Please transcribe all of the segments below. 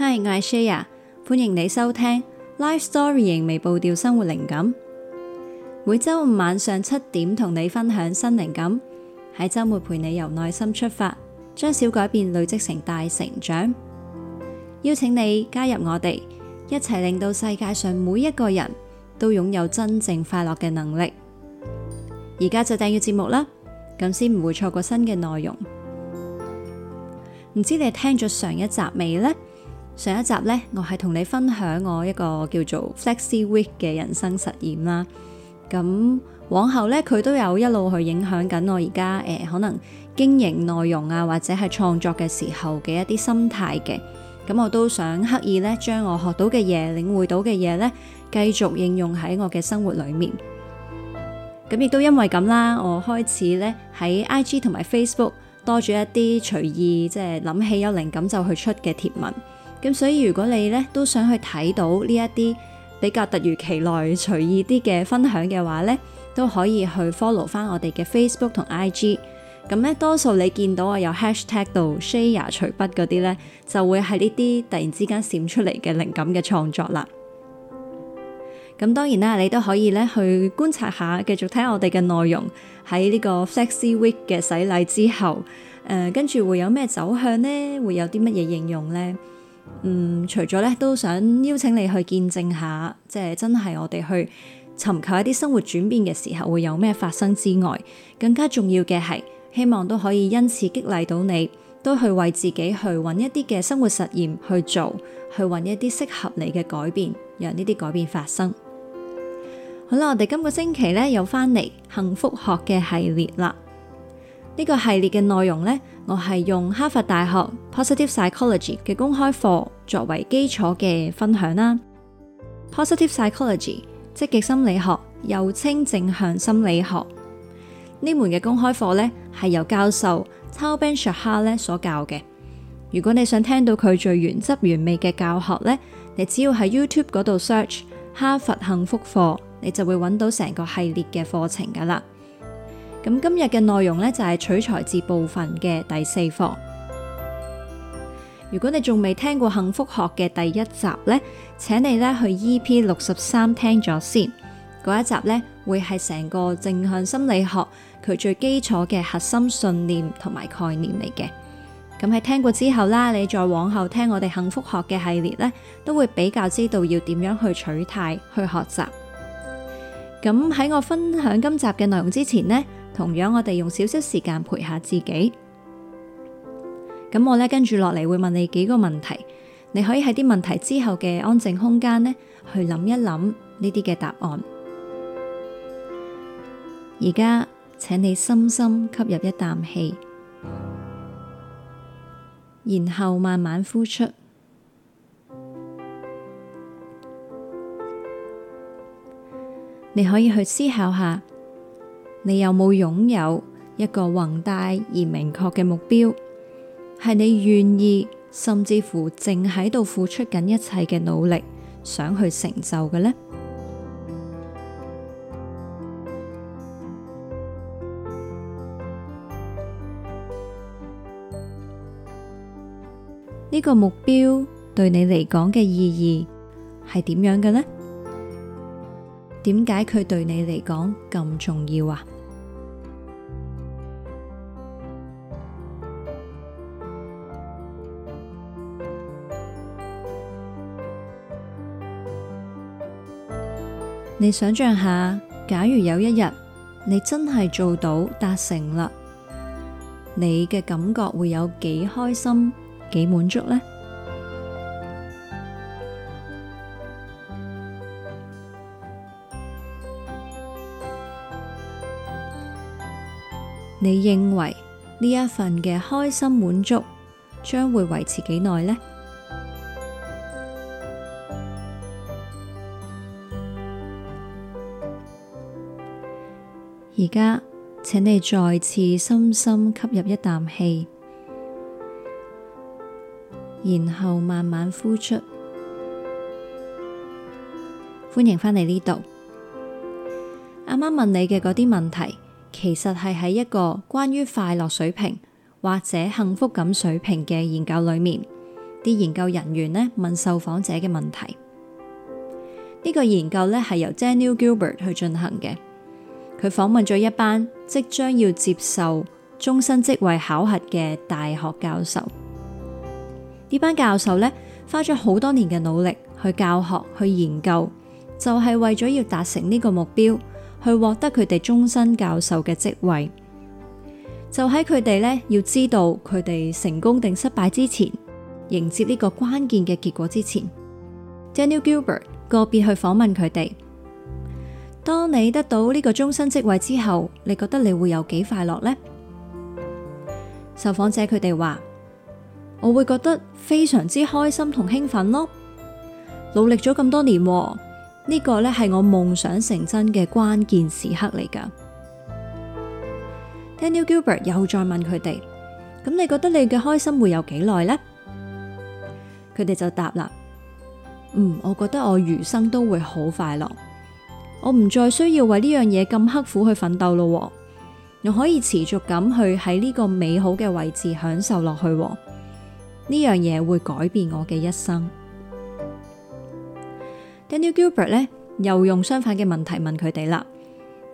Hi，我係 Shia，歡迎你收聽《Life Story》型微步調生活靈感。每周五晚上七點同你分享新靈感，喺周末陪你由內心出發，將小改變累積成大成長。邀請你加入我哋，一齊令到世界上每一個人都擁有真正快樂嘅能力。而家就訂閱節目啦，咁先唔會錯過新嘅內容。唔知你聽咗上一集未呢？上一集咧，我係同你分享我一個叫做 sexy week 嘅人生實驗啦。咁往後咧，佢都有一路去影響緊我而家誒，可能經營內容啊，或者係創作嘅時候嘅一啲心態嘅。咁我都想刻意咧，將我學到嘅嘢，領會到嘅嘢咧，繼續應用喺我嘅生活裏面。咁亦都因為咁啦，我開始咧喺 IG 同埋 Facebook 多咗一啲隨意，即係諗起有靈感就去出嘅貼文。咁所以如果你咧都想去睇到呢一啲比較突如其來、隨意啲嘅分享嘅話咧，都可以去 follow 翻我哋嘅 Facebook 同 IG。咁咧多數你見到我有 hashtag 度 share 隨筆嗰啲咧，就會係呢啲突然之間閃出嚟嘅靈感嘅創作啦。咁當然啦，你都可以咧去觀察下，繼續睇我哋嘅內容，喺呢個 sexy week 嘅洗禮之後，誒跟住會有咩走向呢？會有啲乜嘢應用呢？嗯，除咗咧，都想邀請你去見證下，即係真係我哋去尋求一啲生活轉變嘅時候會有咩發生之外，更加重要嘅係，希望都可以因此激勵到你，都去為自己去揾一啲嘅生活實驗去做，去揾一啲適合你嘅改變，讓呢啲改變發生。好啦，我哋今個星期咧又翻嚟幸福學嘅系列啦。呢個系列嘅內容呢，我係用哈佛大學 Positive Psychology 嘅公開課作為基礎嘅分享啦。Positive Psychology 積極心理學，又稱正向心理學。呢門嘅公開課呢，係由教授 Tal Ben-Shahar 所教嘅。如果你想聽到佢最原汁原味嘅教學呢，你只要喺 YouTube 嗰度 search 哈佛幸福課，你就會揾到成個系列嘅課程噶啦。咁今日嘅內容呢，就係取材自部分嘅第四課。如果你仲未聽過幸福學嘅第一集呢，請你呢去 E.P. 六十三聽咗先。嗰一集呢，會係成個正向心理學佢最基礎嘅核心信念同埋概念嚟嘅。咁喺聽過之後啦，你再往後聽我哋幸福學嘅系列呢，都會比較知道要點樣去取態去學習。咁喺我分享今集嘅內容之前呢。同樣我哋用少少時間陪下自己，咁我呢，跟住落嚟，會問你幾個問題，你可以喺啲問題之後嘅安靜空間呢，去諗一諗呢啲嘅答案。而家請你深深吸入一啖氣，然後慢慢呼出，你可以去思考下。你有冇擁有一個宏大而明確嘅目標，係你願意甚至乎正喺度付出緊一切嘅努力，想去成就嘅呢？呢個目標對你嚟講嘅意義係點樣嘅呢？點解佢對你嚟講咁重要呀？ 你想象下，假如有一日你真係做到達成啦，你嘅感覺會有幾開心、幾滿足呢？你認為呢一份嘅開心滿足將會維持幾耐呢？而家，請你再次深深吸入一啖氣，然後慢慢呼出。歡迎返嚟呢度，啱啱問你嘅嗰啲問題。其實係喺一個關於快樂水平或者幸福感水平嘅研究裏面，啲研究人員呢，問受訪者嘅問題。呢個研究呢係由 Daniel Gilbert 去進行嘅，佢訪問咗一班即將要接受終身職位考核嘅大學教授。呢班教授呢，花咗好多年嘅努力去教學、去研究，就係為咗要達成呢個目標。去獲得佢哋終身教授嘅職位，就喺佢哋咧要知道佢哋成功定失敗之前，迎接呢個關鍵嘅結果之前，Daniel Gilbert 個別去訪問佢哋。「當你得到呢個終身職位之後，你覺得你會有幾快樂呢？」受訪者佢哋話：我會覺得非常之開心同興奮咯，努力咗咁多年喎。呢個咧係我夢想成真嘅關鍵時刻嚟噶。Daniel Gilbert 又再問佢哋：「咁你覺得你嘅開心會有幾耐呢？」佢哋就答啦：「嗯，我覺得我餘生都會好快樂，我唔再需要為呢樣嘢咁刻苦去奮鬥咯，我可以持續咁去喺呢個美好嘅位置享受落去。呢樣嘢會改變我嘅一生。」Daniel Gilbert 咧又用相反嘅問題問佢哋啦，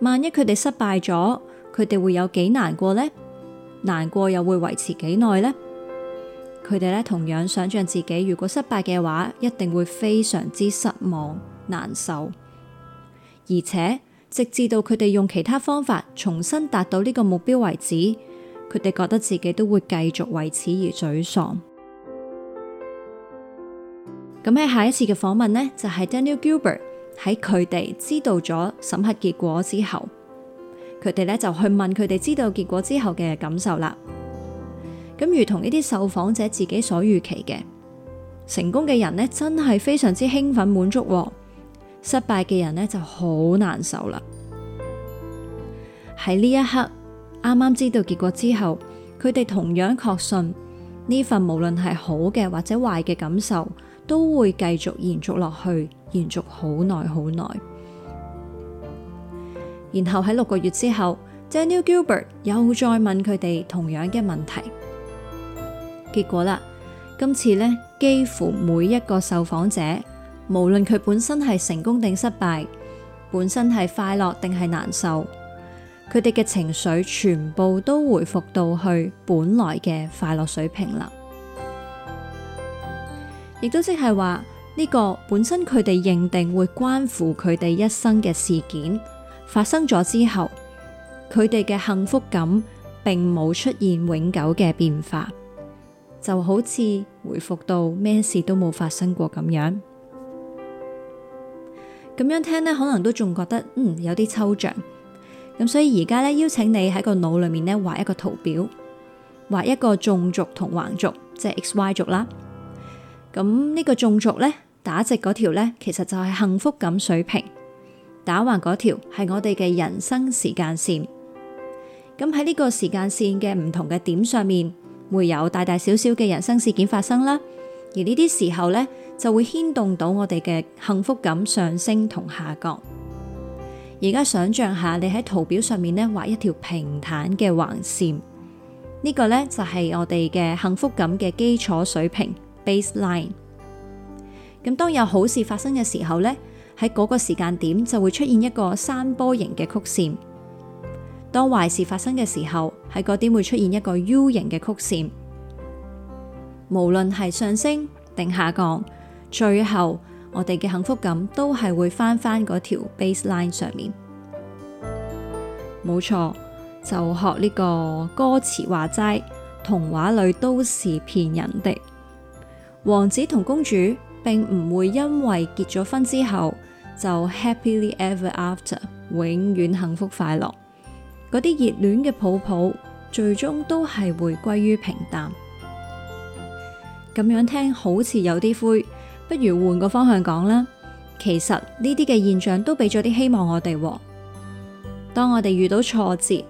萬一佢哋失敗咗，佢哋會有幾難過呢？難過又會維持幾耐呢？佢哋咧同樣想象自己如果失敗嘅話，一定會非常之失望難受，而且直至到佢哋用其他方法重新達到呢個目標為止，佢哋覺得自己都會繼續為此而沮喪。咁喺下一次嘅訪問呢，就係、是、Daniel Gilbert 喺佢哋知道咗審核結果之後，佢哋呢就去問佢哋知道結果之後嘅感受啦。咁如同呢啲受訪者自己所預期嘅，成功嘅人呢，真係非常之興奮滿足，哦，失敗嘅人呢，就好難受啦。喺呢一刻啱啱知道結果之後，佢哋同樣確信呢份無論係好嘅或者壞嘅感受。都會繼續延續落去，延續好耐好耐。然後喺六個月之後，Daniel Gilbert 又再問佢哋同樣嘅問題，結果啦，今次呢幾乎每一個受訪者，無論佢本身係成功定失敗，本身係快樂定係難受，佢哋嘅情緒全部都回復到去本來嘅快樂水平啦。亦都即係話呢個本身佢哋認定會關乎佢哋一生嘅事件發生咗之後，佢哋嘅幸福感並冇出現永久嘅變化，就好似回復到咩事都冇發生過咁樣。咁樣聽呢，可能都仲覺得嗯有啲抽象。咁所以而家呢，邀請你喺個腦裏面呢畫一個圖表，畫一個縱軸同橫軸，即係 X、Y 軸啦。咁呢個縱軸呢，打直嗰條呢，其實就係幸福感水平；打橫嗰條係我哋嘅人生時間線。咁喺呢個時間線嘅唔同嘅點上面，會有大大小小嘅人生事件發生啦。而呢啲時候呢，就會牽動到我哋嘅幸福感上升同下降。而家想象下，你喺圖表上面呢，畫一條平坦嘅橫線，呢個呢，就係我哋嘅幸福感嘅基礎水平。baseline 咁，當有好事發生嘅時候呢，喺嗰個時間點就會出現一個山波形嘅曲線；當壞事發生嘅時候，喺嗰點會出現一個 U 形嘅曲線。無論係上升定下降，最後我哋嘅幸福感都係會翻翻嗰條 baseline 上面。冇錯，就學呢個歌詞話齋，童話裏都是騙人的。王子同公主並唔會因為結咗婚之後就 happily ever after 永遠幸福快樂，嗰啲熱戀嘅抱抱最終都係回歸於平淡。咁樣聽好似有啲灰，不如換個方向講啦。其實呢啲嘅現象都俾咗啲希望我哋喎。當我哋遇到挫折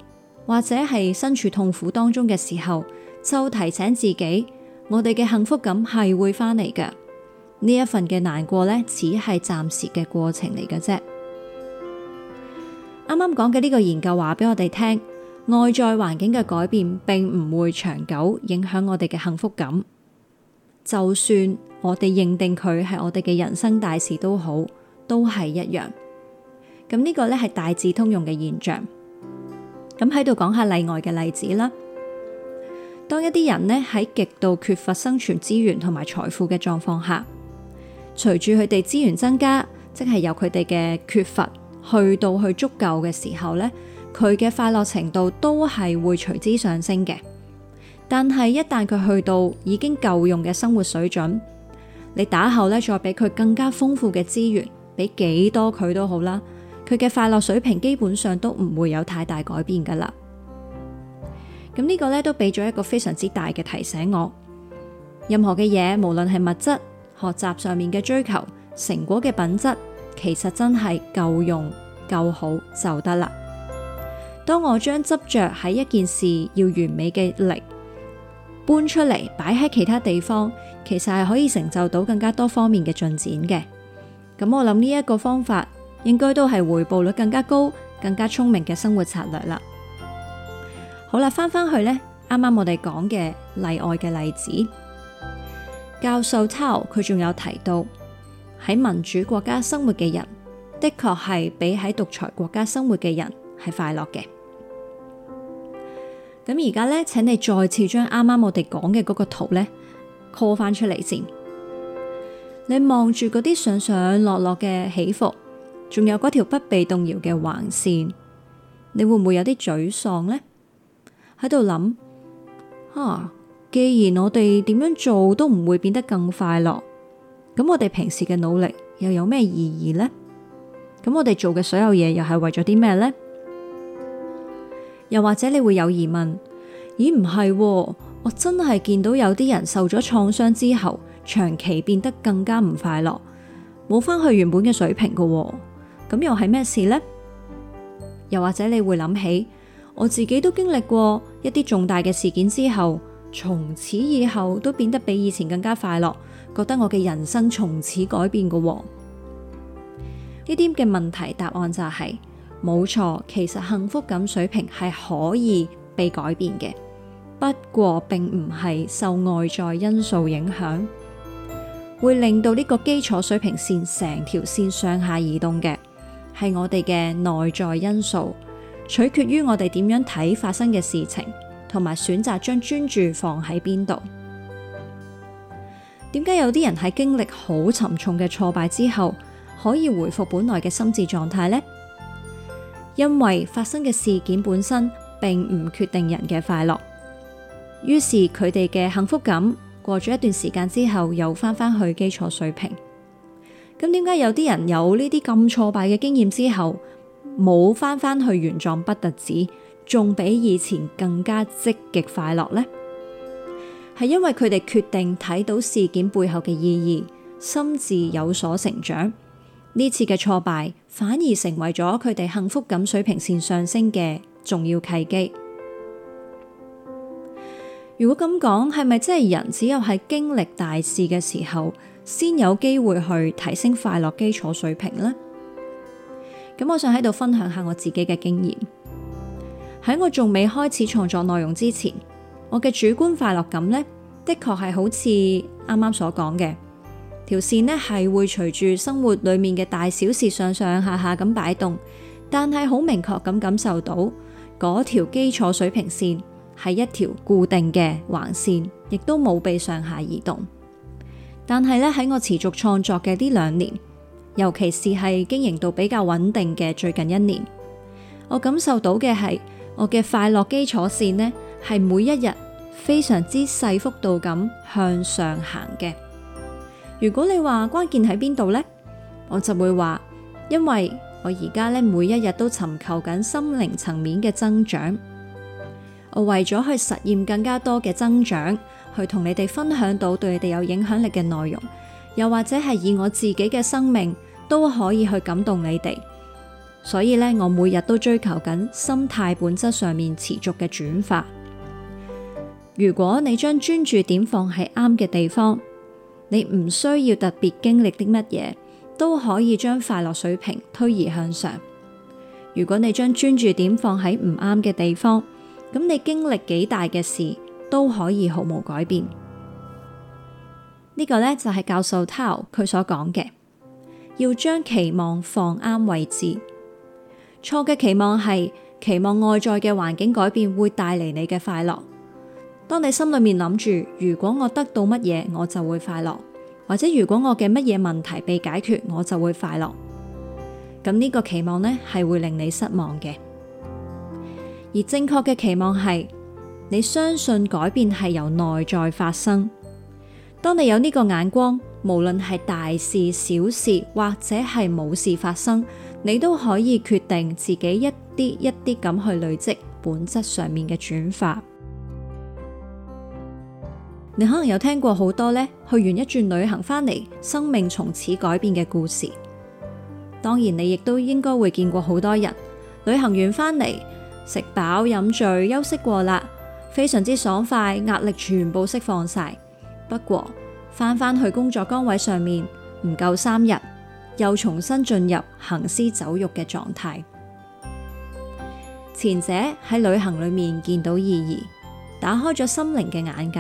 或者係身處痛苦當中嘅時候，就提醒自己。我哋嘅幸福感係會翻嚟嘅，呢一份嘅難過呢，只係暫時嘅過程嚟嘅啫。啱啱講嘅呢個研究話俾我哋聽，外在環境嘅改變並唔會長久影響我哋嘅幸福感，就算我哋認定佢係我哋嘅人生大事都好，都係一樣。咁、這、呢個呢，係大致通用嘅現象。咁喺度講下例外嘅例子啦。當一啲人咧喺極度缺乏生存資源同埋財富嘅狀況下，隨住佢哋資源增加，即係由佢哋嘅缺乏去到去足夠嘅時候咧，佢嘅快樂程度都係會隨之上升嘅。但係一旦佢去到已經夠用嘅生活水準，你打後咧再俾佢更加豐富嘅資源，俾幾多佢都好啦，佢嘅快樂水平基本上都唔會有太大改變噶啦。咁呢個咧都俾咗一個非常之大嘅提醒我，任何嘅嘢，無論係物質、學習上面嘅追求、成果嘅品質，其實真係夠用、夠好就得啦。當我將執着喺一件事要完美嘅力搬出嚟，擺喺其他地方，其實係可以成就到更加多方面嘅進展嘅。咁、嗯、我諗呢一個方法，應該都係回報率更加高、更加聰明嘅生活策略啦。好啦，翻返去呢，啱啱我哋講嘅例外嘅例子，教授 t 佢仲有提到喺民主國家生活嘅人的確係比喺獨裁國家生活嘅人係快樂嘅。咁而家呢，請你再次將啱啱我哋講嘅嗰個圖呢，call 翻出嚟先。你望住嗰啲上上落落嘅起伏，仲有嗰條不被動搖嘅橫線，你會唔會有啲沮喪呢？喺度諗，吓、啊，既然我哋點樣做都唔會變得更快樂，咁我哋平時嘅努力又有咩意義呢？咁我哋做嘅所有嘢又係為咗啲咩呢？又或者你會有疑問，咦，唔係喎，我真係見到有啲人受咗創傷之後，長期變得更加唔快樂，冇返去原本嘅水平㗎喎，咁又係咩事呢？又或者你會諗起，我自己都經歷過一啲重大嘅事件之後，從此以後都變得比以前更加快樂，覺得我嘅人生從此改變㗎喎。呢啲嘅問題答案就係、是、冇錯，其實幸福感水平係可以被改變嘅，不過並唔係受外在因素影響，會令到呢個基礎水平線成條線上下移動嘅，係我哋嘅內在因素。取決於我哋點樣睇發生嘅事情，同埋選擇將專注放喺邊度。點解有啲人喺經歷好沉重嘅挫敗之後，可以回復本來嘅心智狀態呢？因為發生嘅事件本身並唔決定人嘅快樂，於是佢哋嘅幸福感過咗一段時間之後，又返返去基礎水平。咁點解有啲人有呢啲咁挫敗嘅經驗之後，冇翻返去原狀不特止，仲比以前更加積極快樂呢。係因為佢哋決定睇到事件背後嘅意義，心智有所成長。呢次嘅挫敗反而成為咗佢哋幸福感水平線上升嘅重要契機。如果咁講，係咪真係人只有係經歷大事嘅時候，先有機會去提升快樂基礎水平呢？咁我想喺度分享下我自己嘅經驗。喺我仲未開始創作內容之前，我嘅主觀快樂感呢，的確係好似啱啱所講嘅條線呢，係會隨住生活裏面嘅大小事上上下下咁擺動。但係好明確咁感受到嗰條基礎水平線係一條固定嘅橫線，亦都冇被上下移動。但係呢，喺我持續創作嘅呢兩年。尤其是係經營到比較穩定嘅最近一年，我感受到嘅係我嘅快樂基礎線呢，係每一日非常之細幅度咁向上行嘅。如果你話關鍵喺邊度呢？我就會話，因為我而家呢，每一日都尋求緊心靈層面嘅增長。我為咗去實現更加多嘅增長，去同你哋分享到對你哋有影響力嘅內容，又或者係以我自己嘅生命。都可以去感動你哋，所以呢，我每日都追求緊心態本質上面持續嘅轉化。如果你將專注點放喺啱嘅地方，你唔需要特別經歷啲乜嘢，都可以將快樂水平推移向上。如果你將專注點放喺唔啱嘅地方，咁你經歷幾大嘅事都可以毫無改變。呢個呢，就係教授 t 佢所講嘅。要將期望放啱位置。錯嘅期望係期望外在嘅環境改變會帶嚟你嘅快樂。當你心裏面諗住，如果我得到乜嘢，我就會快樂，或者如果我嘅乜嘢問題被解決，我就會快樂。咁呢個期望呢，係會令你失望嘅。而正確嘅期望係，你相信改變係由內在發生。當你有呢個眼光，無論係大事、小事，或者係冇事發生，你都可以決定自己一啲一啲咁去累積本質上面嘅轉化。 你可能有聽過好多呢：「去完一轉旅行翻嚟，生命從此改變」嘅故事。當然，你亦都應該會見過好多人旅行完翻嚟，食飽飲醉，休息過啦，非常之爽快，壓力全部釋放晒。不過，翻返去工作崗位上面，唔夠三日，又重新進入行屍走肉嘅狀態。前者喺旅行裏面見到意義，打開咗心靈嘅眼界；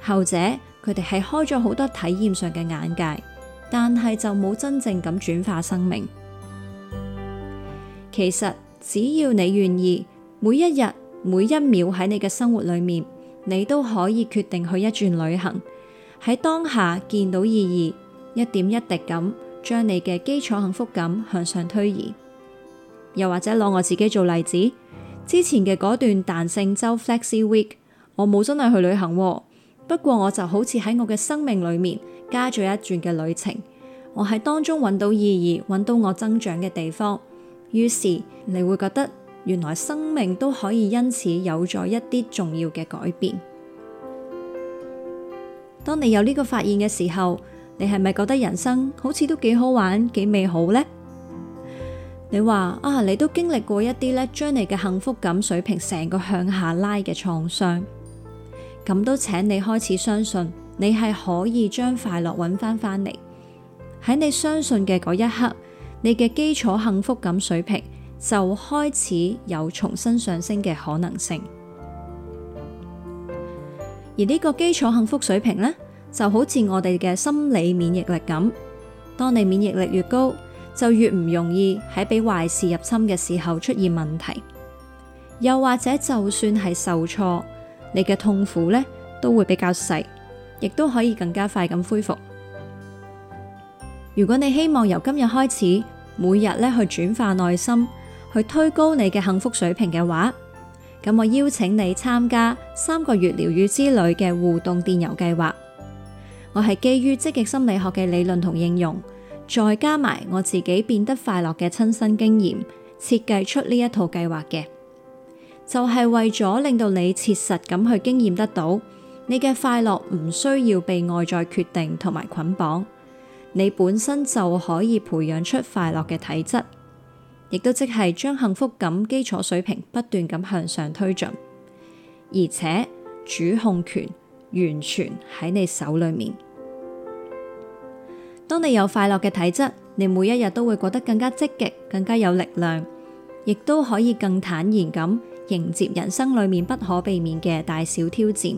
後者佢哋係開咗好多體驗上嘅眼界，但係就冇真正咁轉化生命。其實只要你願意，每一日每一秒喺你嘅生活裏面，你都可以決定去一轉旅行。喺當下見到意義，一點一滴咁將你嘅基礎幸福感向上推移。又或者攞我自己做例子，之前嘅嗰段彈性周 Flexi Week，我冇真係去旅行，不過我就好似喺我嘅生命裏面加咗一轉嘅旅程。我喺當中揾到意義，揾到我增長嘅地方。於是你會覺得，原來生命都可以因此有咗一啲重要嘅改變。當你有呢個發現嘅時候，你係咪覺得人生好似都幾好玩、幾美好呢？你話啊，你都經歷過一啲咧，將你嘅幸福感水平成個向下拉嘅創傷，咁都請你開始相信，你係可以將快樂揾翻翻嚟。喺你相信嘅嗰一刻，你嘅基礎幸福感水平就開始有重新上升嘅可能性。而呢個基礎幸福水平呢，就好似我哋嘅心理免疫力咁。當你免疫力越高，就越唔容易喺俾壞事入侵嘅時候出現問題。又或者就算係受挫，你嘅痛苦呢都會比較細，亦都可以更加快咁恢復。如果你希望由今日開始，每日呢去轉化內心，去推高你嘅幸福水平嘅話，咁我邀請你參加三個月療愈之旅嘅互動電郵計劃。我係基於積極心理學嘅理論同應用，再加埋我自己變得快樂嘅親身經驗，設計出呢一套計劃嘅，就係為咗令到你切實咁去經驗得到，你嘅快樂唔需要被外在決定同埋捆綁，你本身就可以培養出快樂嘅體質。亦都即係將幸福感基礎水平不斷咁向上推進，而且主控權完全喺你手裏面。當你有快樂嘅體質，你每一日都會過得更加積極，更加有力量，亦都可以更坦然咁迎接人生裏面不可避免嘅大小挑戰。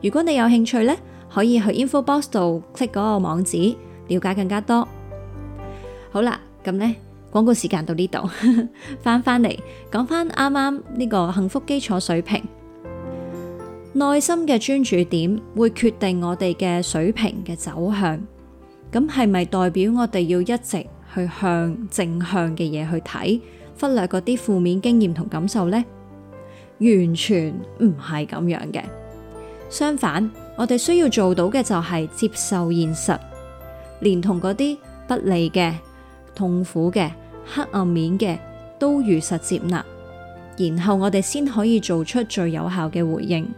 如果你有興趣呢，可以去 InfoBox 度 click 嗰個網址，了解更加多。好啦，咁呢。廣告時間到呢度，翻返嚟講翻啱啱呢個幸福基礎水平，內心嘅專注點會決定我哋嘅水平嘅走向。咁係咪代表我哋要一直去向正向嘅嘢去睇，忽略嗰啲負面經驗同感受呢？完全唔係咁樣嘅。相反，我哋需要做到嘅就係接受現實，連同嗰啲不利嘅、痛苦嘅。黑暗面嘅都如實接納，然後我哋先可以做出最有效嘅回應。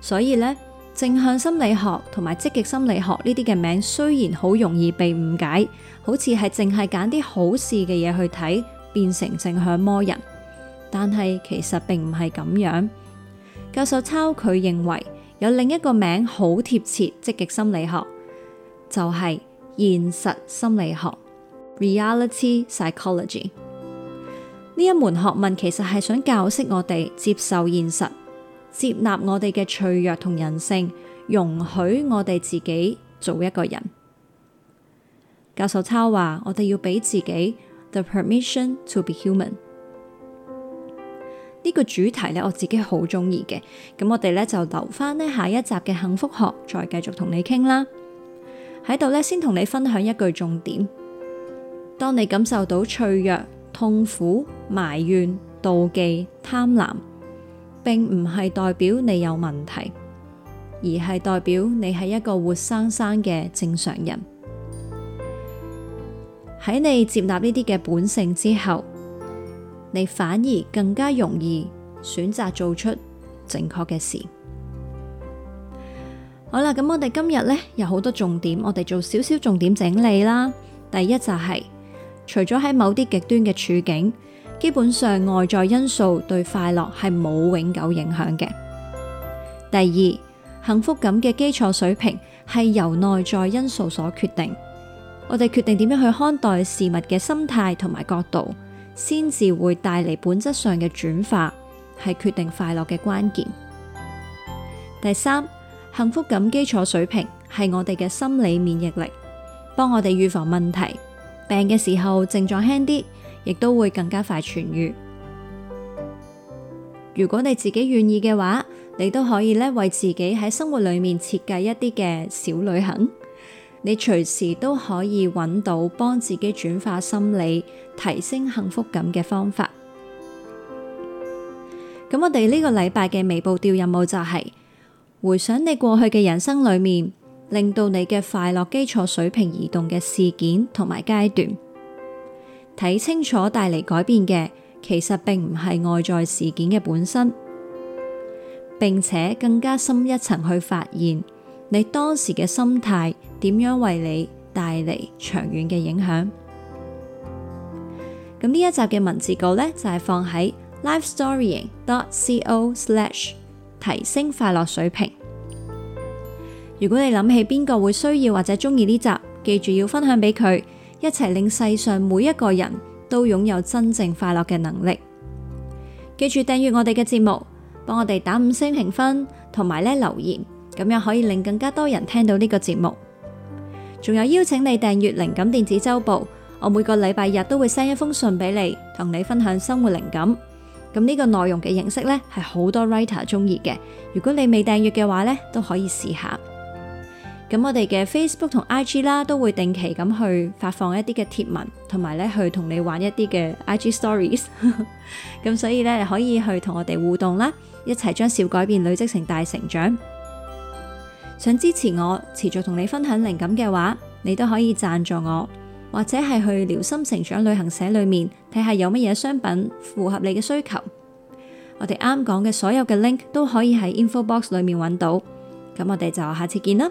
所以呢，正向心理學同埋積極心理學呢啲嘅名雖然好容易被誤解，好似係淨係揀啲好事嘅嘢去睇，變成正向魔人，但係其實並唔係咁樣。教授抄佢認為有另一個名好貼切，積極心理學就係現實心理學。Reality psychology 呢一門學問其實係想教識我哋接受現實，接納我哋嘅脆弱同人性，容許我哋自己做一個人。教授抄話，我哋要俾自己 the permission to be human。呢個主題呢，我自己好中意嘅。咁我哋呢，就留翻，呢下一集嘅幸福學，再繼續同你傾啦。喺度呢，先同你分享一句重點。當你感受到脆弱、痛苦、埋怨、妒忌、貪婪，並唔係代表你有問題，而係代表你係一個活生生嘅正常人。喺你接納呢啲嘅本性之後，你反而更加容易選擇做出正確嘅事。好啦，咁我哋今日呢有好多重點，我哋做少少重點整理啦。第一就係、是。除咗喺某啲極端嘅處境，基本上外在因素對快樂係冇永久影響嘅。第二，幸福感嘅基礎水平係由內在因素所決定，我哋決定點樣去看待事物嘅心態同埋角度，先至會帶嚟本質上嘅轉化，係決定快樂嘅關鍵。第三，幸福感基礎水平係我哋嘅心理免疫力，幫我哋預防問題。病嘅時候症狀輕啲，亦都會更加快痊愈。如果你自己願意嘅話，你都可以咧為自己喺生活裏面設計一啲嘅小旅行。你隨時都可以揾到幫自己轉化心理、提升幸福感嘅方法。咁我哋呢個禮拜嘅微步調任務就係回想你過去嘅人生裏面。令到你嘅快樂基礎水平移動嘅事件同埋階段，睇清楚帶嚟改變嘅，其實並唔係外在事件嘅本身，並且更加深一層去發現你當時嘅心態點樣為你帶嚟長遠嘅影響。咁呢一集嘅文字稿呢，就係放喺 livestorying.co/ 提升快樂水平。如果你諗起邊個會需要或者中意呢集，記住要分享俾佢，一齊令世上每一個人都擁有真正快樂嘅能力。記住訂閱我哋嘅節目，幫我哋打五星評分，同埋呢，留言，咁樣可以令更加多人聽到呢個節目。仲有邀請你訂閱靈感電子周報，我每個禮拜日都會 send 一封信俾你，同你分享生活靈感。咁呢個內容嘅形式呢，係好多 writer 中意嘅。如果你未訂閱嘅話呢，都可以試下。咁我哋嘅 Facebook 同 IG 啦，都會定期咁去發放一啲嘅貼文，同埋咧去同你玩一啲嘅 IG Stories。咁 所以咧可以去同我哋互動啦，一齊將小改變累積成大成長。想支持我持續同你分享靈感嘅話，你都可以贊助我，或者係去聊心成長旅行社裏面睇下有乜嘢商品符合你嘅需求。我哋啱講嘅所有嘅 link 都可以喺 info box 裏面揾到。咁我哋就下次見啦。